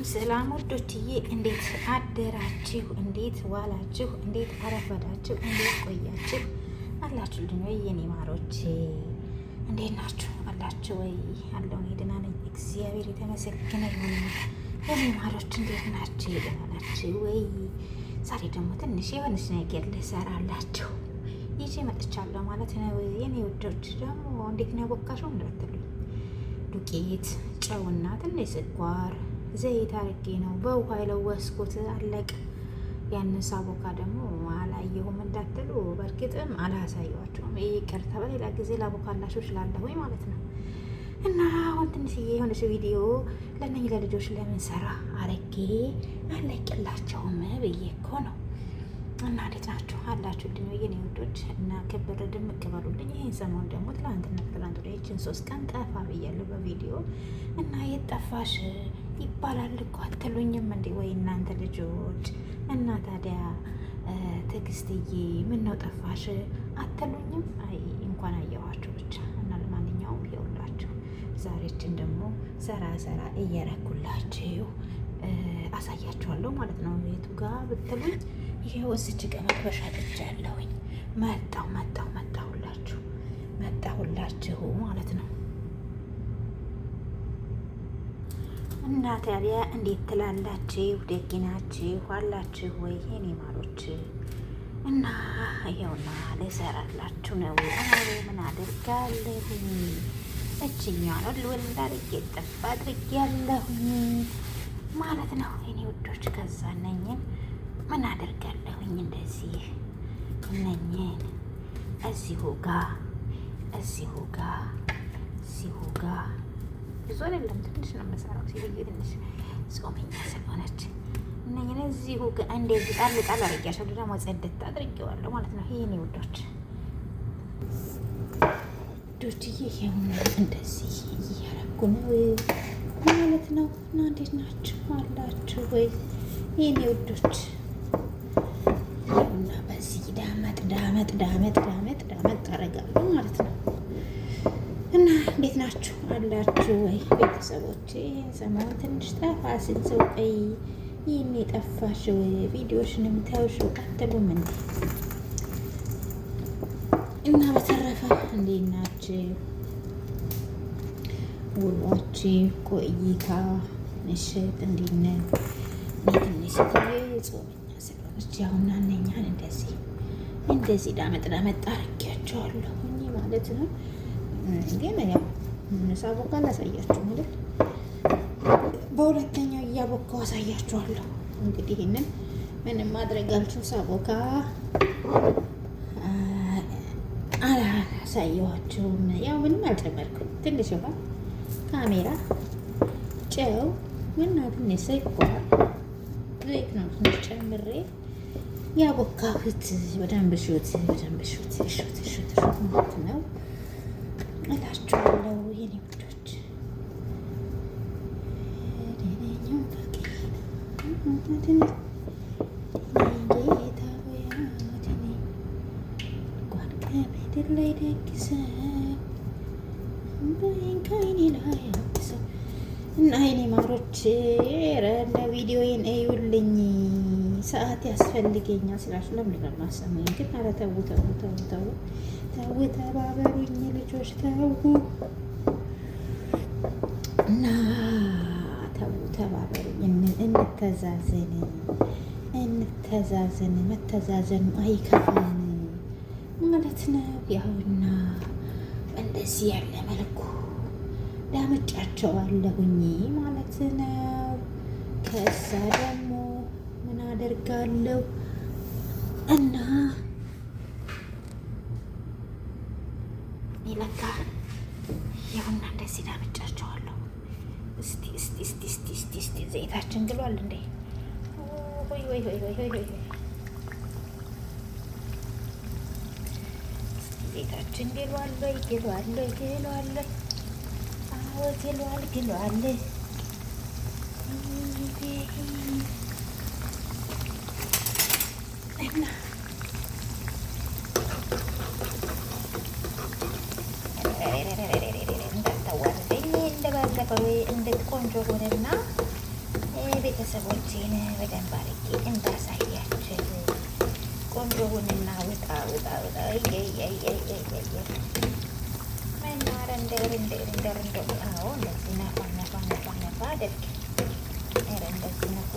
ሰላም ሰላም ወዶችዬ፣ እንዴት አደራችሁ? እንዴት ዋላችሁ? እንዴት አረፈዳችሁ? እንዴት ቆያችሁ? አላችሁ ልድን ወይ የኔ ማሮች፣ እንዴት ናችሁ? አላችሁ ወይ? አለሁ ደህና ነኝ፣ እግዚአብሔር የተመሰገነ ይሁን። የኔ ማሮች እንዴት ናችሁ? ደህና ናችሁ ወይ? ዛሬ ደግሞ ትንሽ የሆነች ነገር ልሰራላችሁ ይዤ መጥቻለሁ ማለት ነው። የኔ ውዶች ደግሞ እንዴት ነው ያቦካሽው እንዳትሉኝ፣ ዱቄት ጨውና ትንሽ ስኳር ዘይት አድርጌ ነው በውሃ የለወስኩት። አለቅ ያንን ሳቦካ ደግሞ አላየሁም እንዳትሉ፣ በእርግጥም አላሳየዋቸውም። ይቅርታ፣ በሌላ ጊዜ ላቦካላችሁ እችላለሁኝ ማለት ነው። እና አሁን ትንሽዬ የሆነች ቪዲዮ ለነኝ ለልጆች ለምን ሰራ አረጌ አለቅላቸውም ብዬ እኮ ነው። እና እንዴት ናችሁ አላችሁልኝ ወይ የኔ ውዶች? እና ክብር ድምቅ በሉልኝ። ይህን ሰሞን ደግሞ ትላንትና ትላንት ወዲያ ይችን ሶስት ቀን ጠፋ ብያለሁ በቪዲዮ እና የት ይባላል እኮ አትሉኝም እንዴ? ወይ እናንተ ልጆች እና ታዲያ ትዕግስትዬ ምን ነው ጠፋሽ አትሉኝም? አይ እንኳን አየኋችሁ ብቻ እና ለማንኛውም ይኸውላችሁ ዛሬችን ደግሞ ሰራ ሰራ እየረኩላችሁ አሳያችኋለሁ ማለት ነው። ቤቱ ጋር ብትሉኝ ይሄ እዚች ቀመት በሻለች ያለሁኝ መጣው መጣው መጣሁላችሁ መጣሁላችሁ ማለት ነው። እና ታዲያ እንዴት ትላላችሁ? ደግ ናችሁ አላችሁ ወይ የኔ ማሮች? እና ይኸውና ልሰራላችሁ ነው። አማሮ ምን አድርጋለሁኝ? እችኛዋን ወልወል እንዳርጌ ጠፍ አድርጌ ያለሁኝ ማለት ነው የኔ ውዶች። ከዛ እነኝን ምን አድርጋለሁኝ? እንደዚህ እነኝን እዚሁ ጋ እዚሁ ጋ እዚሁ ጋር ብዙ አይደለም ትንሽ ነው የምሰራው። ሲልዬ ትንሽ ጾመኛ ስለሆነች እነኝን እዚሁ እንደ ጣል ጣል አድርጊያቸዋለሁ። ደግሞ ጸደት አድርጊዋለሁ ማለት ነው። ይሄን ውዶች ዶችዬ ይሄውና እንደዚህ እያረጉ ነው ማለት ነው። እና እንዴት ናችሁ አላችሁ ወይ ይሄን ውዶች? እና በዚህ ዳመጥ ዳመጥ ዳመጥ ዳመጥ ዳመጥ ታረጋለሁ ማለት ነው። እንዴት ናችሁ አላችሁ ወይ ቤተሰቦቼ? ሰሞኑን ትንሽ ጠፋ ስል ሰው ቀይ ይህን የጠፋሽው ቪዲዮሽን የምታዩሽ ቀጥሉም እንዴ እና በተረፈ እንዴት ናችሁ ውሏች ቆይታ ምሽት እንዲነ ትንሽ ጾመኛ ስለሆነች አሁን እነኛን እንደዚህ እንደዚህ ዳመጥ ዳመጥ አድርጊያቸዋለሁ ማለት ነው ግን ያው ሳቦካ አላሳያችሁም አይደል? በሁለተኛው እያቦካው አሳያችኋለሁ። እንግዲህ ይህንን ምንም ማድረግ አልችው ሳቦካ አላሳየኋችሁም። ያው ምንም አልጨመርኩም። ትንሽ ውሃ፣ ካሜራ፣ ጨው እና ትንሽ ስኳር፣ ዘይት ነው ትንሽ ጨምሬ ያቦካሁት። በደንብ ሹት፣ በደንብ ሹት፣ ሹት፣ ሹት ማለት ነው። እላችኋለሁ የኔ ውዶች። ደነኛም ፈቅ እና የኔ ማሮች ሰዓት ያስፈልገኛል ስላችሁ ለምንድን ነው የማሰማኝ? ግን ኧረ ተው ተው ተው ተው ተው ተባበሩኝ ልጆች ተው እና ተው ተባበሩኝ፣ እንተዛዘን እንተዛዘን። መተዛዘኑ አይከፋን ማለት ነው። ያውና እንደዚህ ያለ መልኩ ዳመጫቸዋለሁኝ ማለት ነው። ደግሞ አደርጋለሁ እና ይለካ ይሁንና እንደዚህ ዳምጫቸዋለሁ። እስቲ እስቲ እስቲ እስቲ እስቲ እስቲ ዘይታችን ግሏል እንዴ? ወይ ወይ ወይ ወይ ወይ ዘይታችን ግሏል ወይ ግሏል ወይ ግሏል። አዎ ግሏል ግሏል። እንዳታዋርደኝ እንደባለፈው እንዴት ቆንጆ ሆነና ቤተሰቦችን በደንብ አድርጌ እንዳሳያችሁ ቆንጆ ሆነና ውጣ ውጣ ውጣ መናረ እንደር እንደር እንደር እንደዚህ ነፋ ነፋ ነፋ ነፋ አድርግ እንደዚህ ነፋ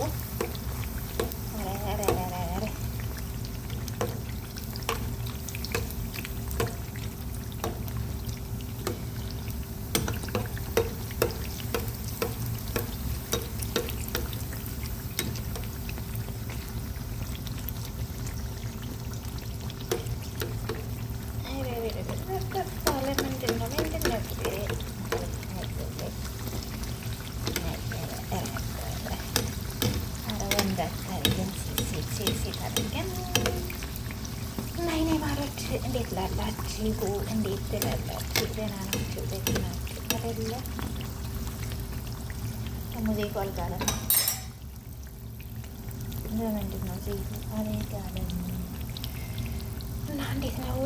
ምንድን ነው ምንድን ነው ኧረ እና የእኔ ማሮች እንዴት ላላችሁ? እንዴት ላላችሁ? ደህና ናችሁ? ደህና ናችሁ አይደለ? ደግሞ ዘይቱ አልጋለም። ለምንድን ነው ዘይቱ አልጋለም? እና እንዴት ነው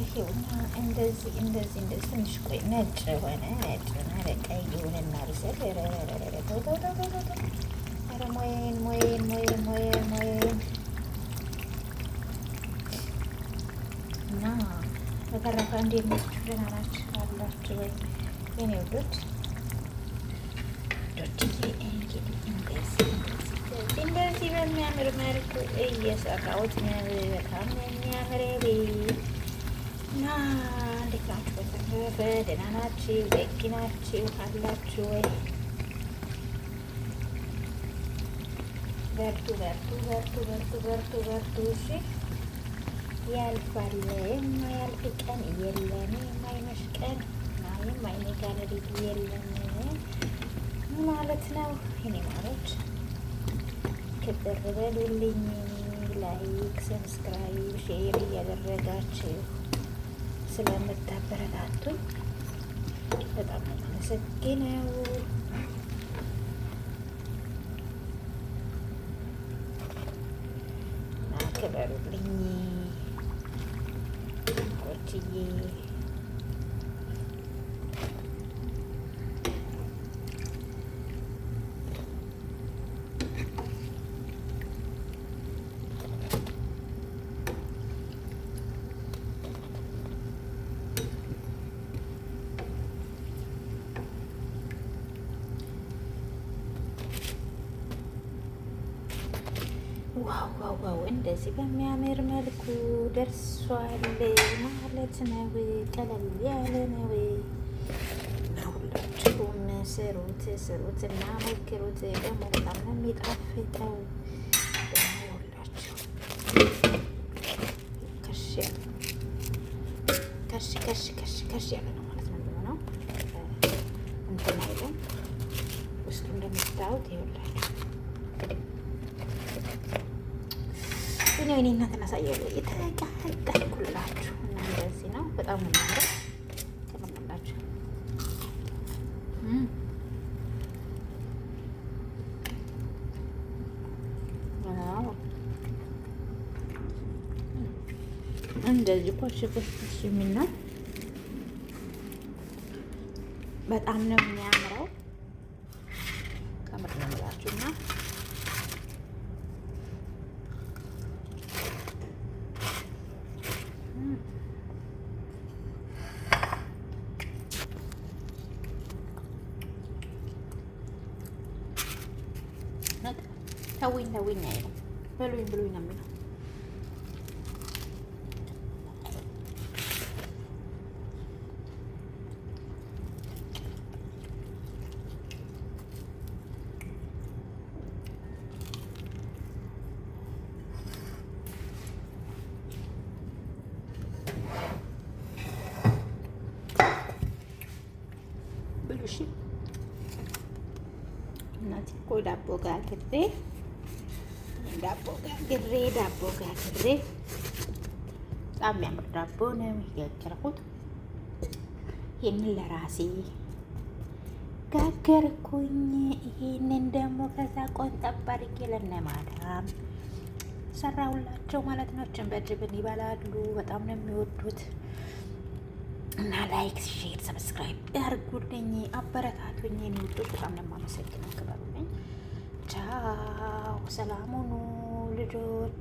ይኸውና፣ እንደዚህ እንደዚህ እንደዚህ ትንሽ ቆይ፣ ነጭ ሆነ። ነጭና ለቀይ ይሁንና ብስል ሞዬን ሞዬን ሞዬን ሞዬን ሞዬን እና በተረፈ እንዴት ናችሁ? ደህና ናችሁ አላችሁ ወይ የኔ ውዶች? ዶችዬ እንግዲህ እንደዚህ እንደዚህ እንደዚህ በሚያምር መልክ እየሰራሁት ነው። በጣም የሚያምር ቤት እና እንዴት ናችሁ? በተረፈ ደህና ናችሁ? ደግ ናችሁ አላችሁ ወይ? በርቱ በርቱ በርቱ በርቱ በርቱ በርቱ። እሺ ያልፋል። የማያልፍ ቀን የለም። የማይመሽ ቀን የማይነጋ ሌሊት የለም ማለት ነው። ይኔ ማሮች ክብር በሉልኝ። ላይክ፣ ሰብስክራይብ፣ ሼር እያደረጋችሁ ስለምታበረታቱኝ በጣም አመሰግናለሁ። ክበሩልኝ ቆችዬ እንደዚህ በሚያምር መልኩ ደርሷል ማለት ነው። ቀለል ያለ ነው። ሁላችሁም ስሩት ስሩት እና ሞክሩት። ደግሞ በጣም ነው የሚጣፍጠው። ሁላችሁ ከሽ ከሽ ከሽ ከሽ ያለ ነው ማለት ነው የሚሆነው። እንትን ውስጡ እንደምታዩት ይኸውላችሁ እኔ እናትን አሳያለሁ። የተቀቀልኩላችሁ እና እንደዚህ ነው። በጣም ነው እንደዚህ ኮሽ ኮሽ የሚል በጣም ነው የሚያምር ተውኝ ተውኝ አይልም። በሉኝ ብሉኝ ነው የሚለው። ብሉ እናቴ እኮ ዳቦ ጋር ግዴ ዳቦ ጋግሬ ዳቦ ጋግሬ በጣም የሚያምር ዳቦ ነው የጋገርኩት። ይህንን ለራሴ ጋገርኩኝ። ይህንን ደግሞ ከዛ ቆንጠብ አድርጌ ለነማዳም ሰራሁላቸው ማለት ነው። ችን ይበላሉ። በጣም ነው የሚወዱት እና ላይክ፣ ሼር፣ ሰብስክራይብ ያርጉልኝ፣ አበረታቱኝ። በጣም ነው የማመሰግነው። ቻው፣ ሰላም ሁኑ ልጆች።